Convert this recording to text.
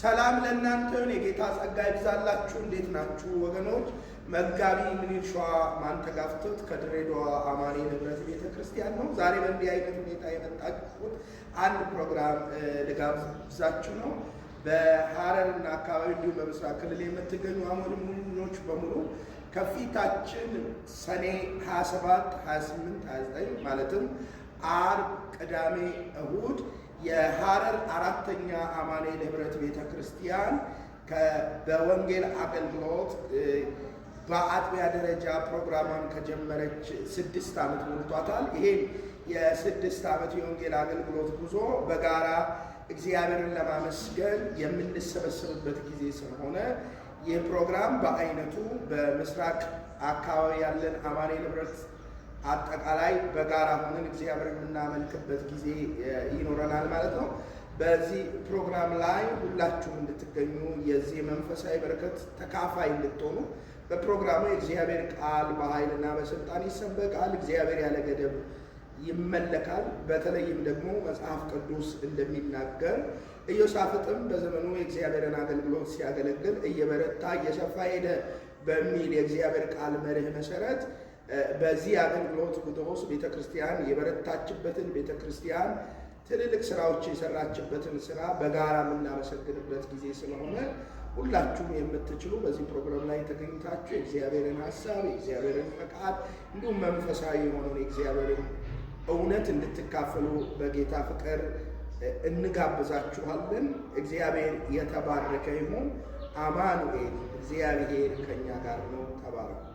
ሰላም ሆን የጌታ ጸጋ ይብዛላችሁ። እንዴት ናችሁ ወገኖች? መጋቢ ምኒልክ ሸዋ ማንተጋፍቶት ከድሬዳዋ አማኒ ንብረት ቤተ ክርስቲያን ነው። ዛሬ በእንዲህ አይነት ሁኔታ የመጣችሁት አንድ ፕሮግራም ልጋብዛችሁ ነው። በሀረርና አካባቢ እንዲሁም በምስራቅ ክልል የምትገኙ አማኞች በሙሉ ከፊታችን ሰኔ 27፣ 28፣ 29 ማለትም አርብ፣ ቅዳሜ፣ እሁድ የሐረር አራተኛ አማኑኤል ህብረት ቤተ ክርስቲያን በወንጌል አገልግሎት በአጥቢያ ደረጃ ፕሮግራሟን ከጀመረች ስድስት ዓመት ሞልቷታል። ይሄን የስድስት ዓመት የወንጌል አገልግሎት ጉዞ በጋራ እግዚአብሔርን ለማመስገን የምንሰበሰብበት ጊዜ ስለሆነ ይህ ፕሮግራም በአይነቱ በምስራቅ አካባቢ ያለን አማኑኤል ህብረት አጠቃላይ በጋራ ሆነን እግዚአብሔር የምናመልክበት ጊዜ ይኖረናል ማለት ነው። በዚህ ፕሮግራም ላይ ሁላችሁም እንድትገኙ የዚህ መንፈሳዊ በረከት ተካፋይ እንድትሆኑ በፕሮግራሙ የእግዚአብሔር ቃል በኃይልና በስልጣን ይሰበቃል። እግዚአብሔር ያለ ገደብ ይመለካል። በተለይም ደግሞ መጽሐፍ ቅዱስ እንደሚናገር ኢዮሳፍጥም በዘመኑ የእግዚአብሔርን አገልግሎት ሲያገለግል እየበረታ እየሰፋ ሄደ በሚል የእግዚአብሔር ቃል መርህ መሰረት በዚህ አገልግሎት ጉዞ ውስጥ ክርስቲያን የበረታችበትን ቤተክርስቲያን ትልልቅ ስራዎች የሰራችበትን ስራ በጋራ የምናመሰግንበት ጊዜ ስለሆነ ሁላችሁም የምትችሉ በዚህ ፕሮግራም ላይ ተገኝታችሁ የእግዚአብሔርን ሀሳብ የእግዚአብሔርን ፈቃድ እንዲሁም መንፈሳዊ የሆነውን የእግዚአብሔርን እውነት እንድትካፈሉ በጌታ ፍቅር እንጋብዛችኋለን። እግዚአብሔር የተባረከ ይሁን። አማኑኤል፣ እግዚአብሔር ከእኛ ጋር ነው። ተባረኩ።